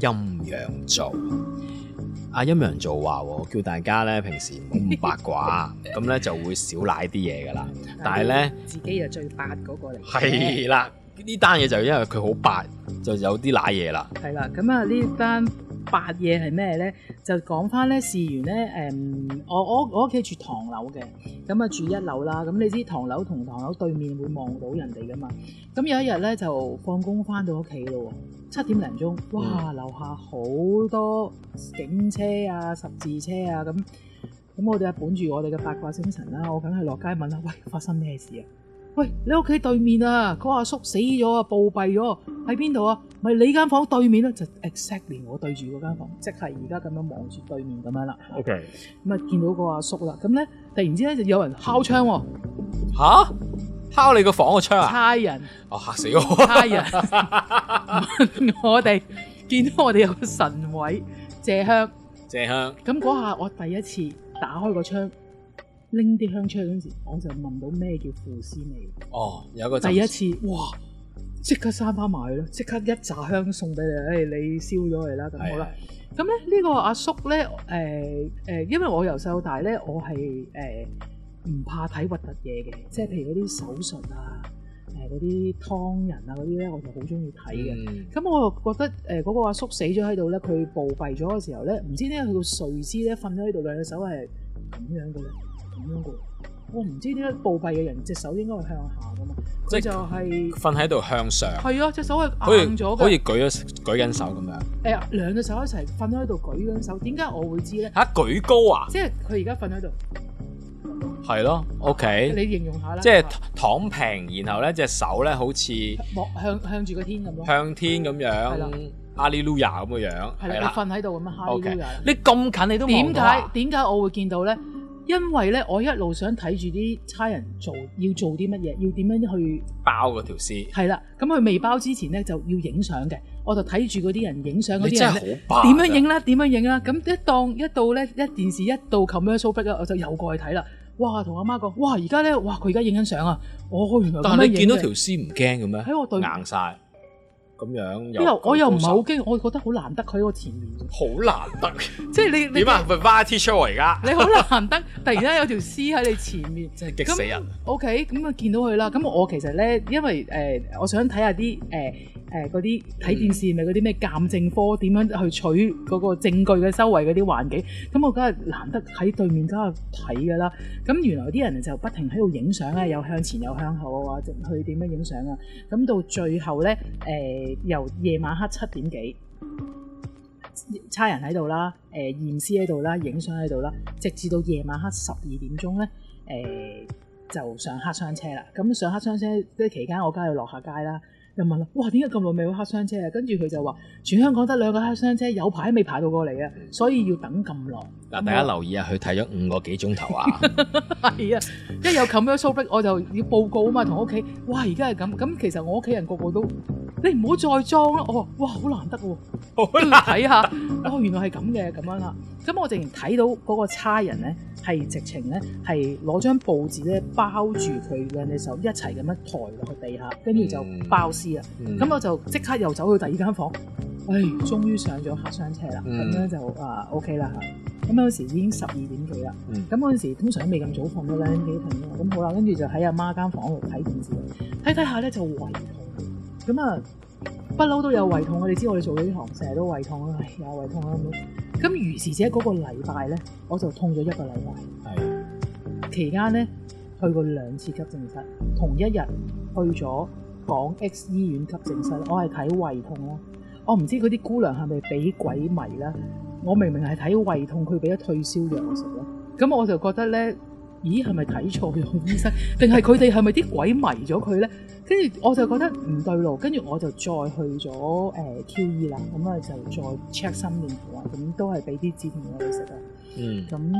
陰陽造啊，陰陽造話，叫大家咧平時唔好咁八卦，咁咧 就會少瀨啲嘢噶啦。但係咧，自己又最八嗰個嚟，係啦。呢單嘢就因為佢好八，就有啲瀨嘢啦。係啦，咁啊呢單八嘢係咩咧？就講翻咧，事緣咧，誒，我我我屋企住唐樓嘅，咁啊住一樓啦。咁你知唐樓同唐樓對面會望到人哋噶嘛？咁有一日咧就放工翻到屋企咯。七點零鐘，哇！樓、嗯、下好多警車啊、十字車啊，咁咁我哋啊本住我哋嘅八卦精神啦、啊，我梗係落街問啦、啊。喂，發生咩事啊？喂，你屋企對面啊，個阿叔死咗啊，暴斃咗，喺邊度啊？咪你間房對面咯、啊，就 exactly 我對住嗰間房，即係而家咁樣望住對面咁樣啦、啊。OK，咁啊、嗯、見到個阿叔啦，咁咧突然之間就有人敲窗喎、啊。啊敲你個房個窗啊！差人，我吓、啊、死我！差 猜人， 我哋見到我哋有個神位謝香，謝香。咁嗰下我第一次打開個窗，拎啲香出去嗰陣時，我就聞到咩叫腐屍味。哦，有個第一次，哇！即刻閂翻埋佢咯，即刻一扎香送俾你，誒，你燒咗嚟啦，咁好啦。咁咧呢個阿叔咧，誒、呃、誒、呃呃，因為我由細到大咧，我係誒。呃唔怕睇核突嘢嘅，即係譬如嗰啲手術啊，誒嗰啲劏人啊嗰啲咧，我就好中意睇嘅。咁、嗯嗯、我覺得誒嗰、呃嗰個阿叔死咗喺度咧，佢暴斃咗嘅時候咧，唔知點解佢個睡姿咧瞓喺度兩隻手係咁樣嘅，咁樣嘅。我唔知點解暴斃嘅人隻手應該係向下嘅嘛？即就係瞓喺度向上。係啊，隻手係硬咗。好似舉咗舉緊手咁樣。誒、嗯欸，兩隻手一齊瞓喺度舉緊手，點解我會知咧？嚇，舉高啊！即係佢而家瞓喺度。係咯，OK。你形容下啦，即係躺平，然後咧隻手咧好似望向向住個天咁，向天咁樣，哈利路亞咁嘅樣，係啦，瞓喺度咁樣哈利路亞。你咁近你都點解？點解我會見到咧？因為咧，我一路想睇住啲差人做，要做啲乜嘢，要點樣去包嗰條屍。係啦，咁佢未包之前咧，就要影相嘅。我就睇住嗰啲人影相嗰啲真係好爆。點樣影啦？點樣影啦？咁一當一到咧，一電視一到 commercial break 啦，我就又過去睇啦。哇，同阿媽講，哇，而家咧，哇，佢而家影緊相啊！我原來但係你見到條屍唔驚嘅咩？喺我對硬晒咁樣。我，樣我又我又唔係好驚，我覺得好難得佢喺我前面。好難得， 即係你點啊？Variety show 而家你好難得，突然間有條屍喺你前面， 真係激死人！OK，咁啊見到佢啦。咁我其實咧，因為誒、呃，我想睇下啲誒。呃誒嗰啲睇電視咪嗰啲咩鑑證科點樣去取嗰個證據嘅收尾嗰啲環境，咁我梗係難得喺對面，嗰度睇㗎啦。咁原來啲人就不停喺度影相啊，又向前又向後啊，直去點樣影相啊。咁到最後咧，誒、呃、由夜晚黑七點幾，差人喺度啦，誒驗屍喺度啦，影相喺度啦，直至到夜晚黑十二點鐘咧，誒、呃、就上黑箱車啦。咁上黑箱車即係期間，我梗係落下街啦。又問啦，哇，點解咁耐未有黑箱車啊？跟住佢就話，全香港得兩個黑箱車，有排未排到過嚟啊，所以要等咁耐。嗱，大家留意麼啊， 啊，佢睇咗五個幾鐘頭啊。係啊，一有 commercial break 我就要報告啊嘛，同屋企。哇，而家係咁，咁其實我屋企人個個都。你唔好再裝啦！我、哦、話：哇，好難得喎，跟住睇下，哦，原來係咁嘅，咁樣啦。咁我突然睇到嗰個差人咧，係直情咧係攞張報紙咧包住佢嘅時候，一齊咁樣抬落去地下，跟住就包屍啦。咁、嗯、我就即刻又走去第二間房，唉、哎，終於上咗客箱車啦。咁咧、嗯、就啊 OK 啦嚇。咁、啊、嗰時已經十二點幾啦。咁嗰時通常都未咁早瞓到兩點幾瞓嘅。咁、嗯嗯嗯嗯、好啦，跟住就喺阿媽間房度睇電視，睇睇下咧就暈。咁啊，不嬲都有胃痛，我哋知我哋做咗啲行，成日都胃痛啊。有胃痛啊，咁。咁於是者嗰個禮拜咧，我就痛咗一個禮拜。係，期間咧去過兩次急症室，同一日去咗港 X 醫院急症室，我係睇胃痛咯。我唔知嗰啲姑娘係咪俾鬼迷咧，我明明係睇胃痛，佢俾咗退燒藥我食咯。咁我就覺得咧。咦，係咪睇錯咗醫生？定係佢哋係咪啲鬼迷咗佢咧？跟住我就覺得唔對路，跟住我就再去咗誒 QE 啦。咁、呃、啊，e、我就再 check 心電圖啊，咁都係俾啲止痛藥佢食啊。嗯，咁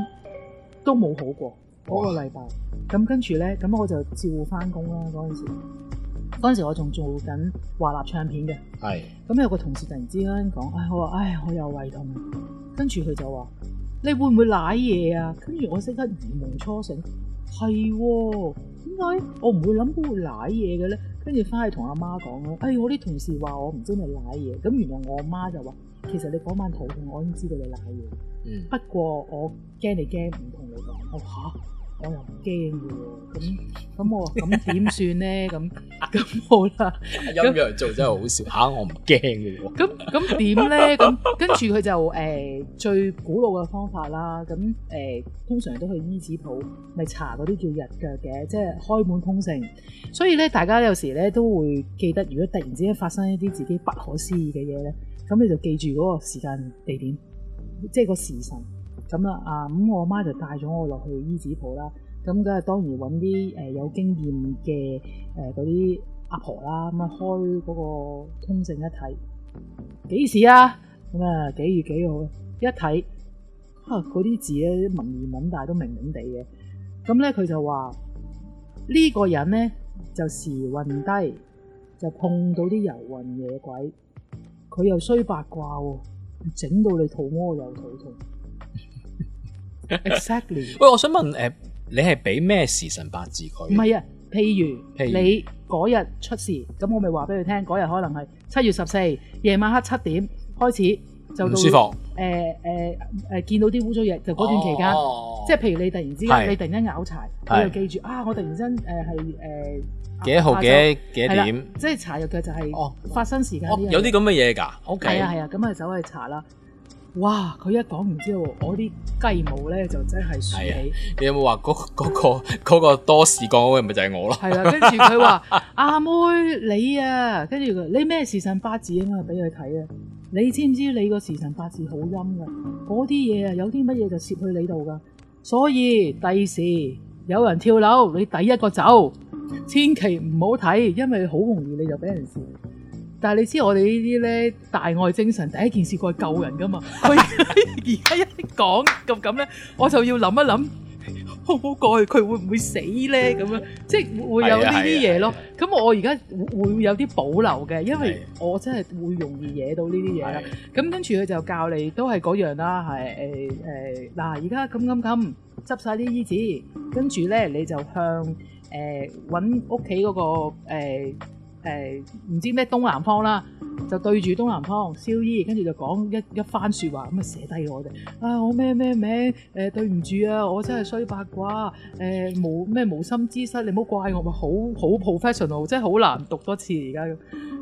都冇好過嗰、那個禮拜。咁跟住咧，咁我就照翻工啦嗰陣時。嗰時我仲做緊華納唱片嘅。係是。咁有個同事突然之間講：唉，我唉我又胃痛。跟住佢就話。你會唔會舐嘢啊？跟住我識得如夢初醒，係點解？我唔會諗到會舐嘢嘅咧。跟住翻去同阿媽講咧，哎，我啲同事話我唔知係舐嘢，咁原來我阿媽就話，其實你嗰晚肚痛，我已經知道你舐嘢。嗯，不過我驚你驚唔同你講，哦吓。我又唔驚嘅喎，咁咁我咁點算咧？咁咁冇啦，好 陰陽做真係好笑吓，我唔驚嘅喎。咁咁點咧？咁跟住佢就誒、呃、最古老嘅方法啦。咁、呃、誒通常都去醫治鋪，咪查嗰啲叫日腳嘅，即係開門通勝。所以咧，大家有時咧都會記得，如果突然之間發生一啲自己不可思議嘅嘢咧，咁你就記住嗰個時間地點，即係個時辰。咁啦，啊咁、嗯、我阿媽就帶咗我落去醫子鋪啦。咁梗係當然揾啲誒有經驗嘅誒嗰啲阿婆啦，咁啊開嗰個通勝一睇幾時啊？咁、嗯、啊幾月幾號一睇啊，嗰啲字咧文言文，但係都明明地嘅。咁咧佢就話呢、呢個人咧就時運低，就碰到啲遊魂夜鬼，佢又衰八卦喎，整到你肚屙又肚痛。Exactly。喂，我想問，誒，你係俾咩時辰八字佢？唔係啊，譬如，譬如你嗰日出事，咁我咪話俾佢聽，嗰日可能係七月十四夜晚黑七點開始就到唔舒服。誒誒誒，見到啲污糟嘢，就嗰段期間，即係譬如你突然之，你突然間拗柴，我就記住啊，我突然間誒係誒幾多號幾幾點，即係查日嘅就係發生時間，有啲咁嘅嘢噶，O K。係啊係啊，咁啊走去查啦。哇！佢一講完之後，我啲雞毛咧就真係豎起。你有冇話嗰嗰個、嗰個嗰個多事講嗰位咪就係我咯？係啦，跟住佢話阿妹你啊，跟住你咩時辰八字啊，應該俾佢睇啊！你知唔知你個時辰八字好陰噶？嗰啲嘢啊，有啲乜嘢就攝去你度噶。所以第時有人跳樓，你第一個走，千祈唔好睇，因為好容易你就俾人笑。但係你知我哋呢啲咧大愛精神，第一件事佢係救人噶嘛。佢而家一講咁咁咧，我就要諗一諗，好唔好過去？佢會唔會死咧？咁樣即係會有呢啲嘢咯。咁我而家會會有啲保留嘅，因為我真係會容易惹到呢啲嘢啦。咁跟住佢就教你都係嗰樣啦，係誒嗱，而家咁咁咁執曬啲衣紙，跟住咧你就向誒搵屋企嗰個誒。誒唔、呃、知咩東南方啦，就對住東南方燒衣，跟住就講一一番説話，咁咪寫低我哋。啊，我咩咩名？誒、呃、對唔住啊，我真係衰八卦。誒、呃、無咩無心之失，你唔好怪我咪好好 professional，即係好難讀多次而、啊、家。咁，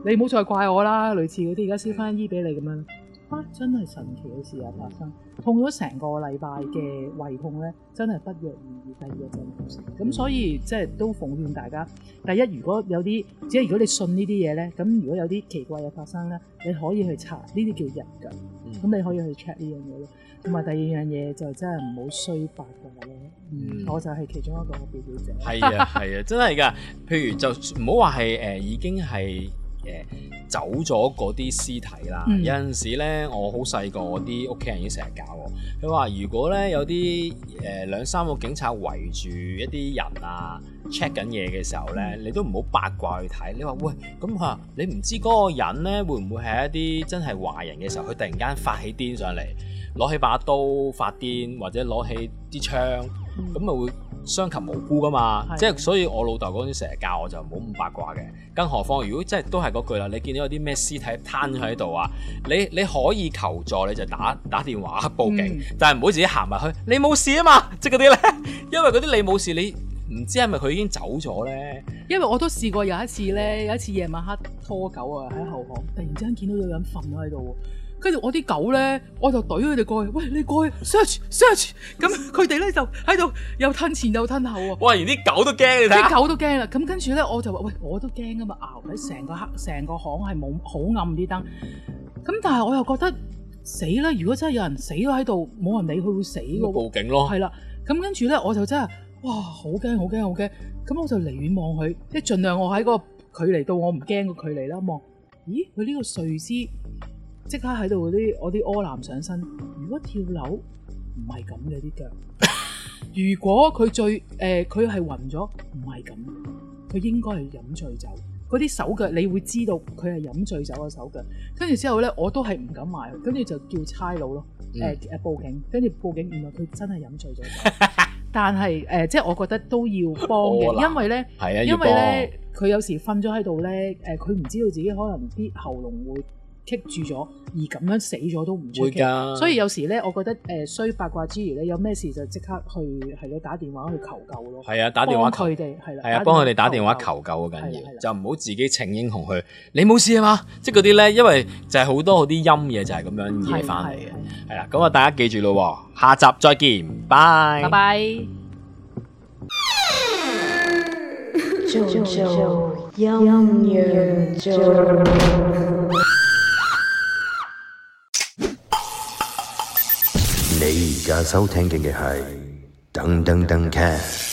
你唔好再怪我啦，類似嗰啲而家燒翻衣俾你咁樣。啊、真係神奇嘅事又、啊、發生，痛咗成個禮拜嘅胃痛咧，真係不約而而第二個症狀成咁，嗯、所以即係都奉勸大家。第一，如果有啲即係如果你信呢啲嘢咧，咁如果有啲奇怪嘢發生咧，你可以去查，呢啲叫人㗎。咁、嗯、你可以去 check 呢樣嘢咯。同埋、嗯、第二樣嘢就真係唔好衰八卦咯。嗯，我就係其中一個表表姐。係、嗯、啊，係啊，真係㗎。譬如就唔好話係誒已經係誒。走咗嗰啲屍體啦、嗯。有陣時咧，我好細個，我啲屋企人已經成日教我。佢話：如果咧有啲誒兩三個警察圍住一啲人啊，check 緊嘢嘅時候咧，你都唔好八卦去睇。你話，喂，咁佢話你唔知嗰個人咧會唔會係一啲真係壞人嘅時候，佢突然間發起癲上嚟，攞起把刀發癲，或者攞起啲槍，咁咪、嗯、會。傷及無辜噶嘛，即係的所以我老豆嗰陣成日教我就唔好咁八卦嘅，更何況如果真係都係嗰句啦，你見到有啲咩屍體攤喺度啊，嗯、你你可以求助，你就打打電話報警，嗯、但係唔好自己行埋去，你冇事啊嘛，即係嗰啲咧，因為嗰啲你冇事，你唔知係咪佢已經走咗咧，因為我都試過有一次咧，有一次夜晚黑拖狗啊喺後巷，突然之間見到有人瞓喺度。跟住我啲狗咧，我就懟佢哋過去。喂，你過去 search search，咁佢哋咧就喺度又吞前又吞後啊！哇，連啲狗都驚啊！你睇，啲狗都驚啦。咁跟住咧，我就話：喂，我都驚啊嘛！啊，成個黑，成個巷係冇好暗啲燈。咁但係我又覺得死啦！如果真係有人死咗喺度，冇人理佢，會死咯。報警咯，係啦。咁跟住咧，我就真係哇，好驚好驚好驚！咁我就離遠望佢，即係盡量我喺個距離到我唔驚嘅距離啦。望，咦，佢呢個睡姿。即刻喺度啲我啲柯南上身。如果跳樓唔係咁嘅，啲腳，如果佢醉，誒佢係暈咗，唔係咁，佢應該係飲醉酒。嗰啲手腳你會知道佢係飲醉酒嘅手腳。跟住之後咧，我都係唔敢埋，跟住就叫差佬咯，誒誒、嗯呃、報警。跟住報警原來佢真係飲醉咗酒。 但係誒、呃，即係我覺得都要幫嘅，因為咧，哦呃、因為咧佢、啊、有時瞓咗喺度咧，誒佢唔知道自己可能啲喉嚨會。棘住咗，而咁樣死咗都唔出奇，會的所以有時咧，我覺得誒衰、呃、八卦之馀咧，有咩事就即刻去係咯打電話去求救咯。係啊，打電話佢哋係啦，係啊，幫佢哋打電話求救好緊要，就唔好自己逞英雄去。你冇事啊嘛？即係嗰啲咧，因為就係好多好啲陰嘢就係咁樣惹翻嚟嘅。係啦，咁啊，的大家記住咯，下集再見，拜拜。你而家收聽嘅係噔噔噔 Cast》。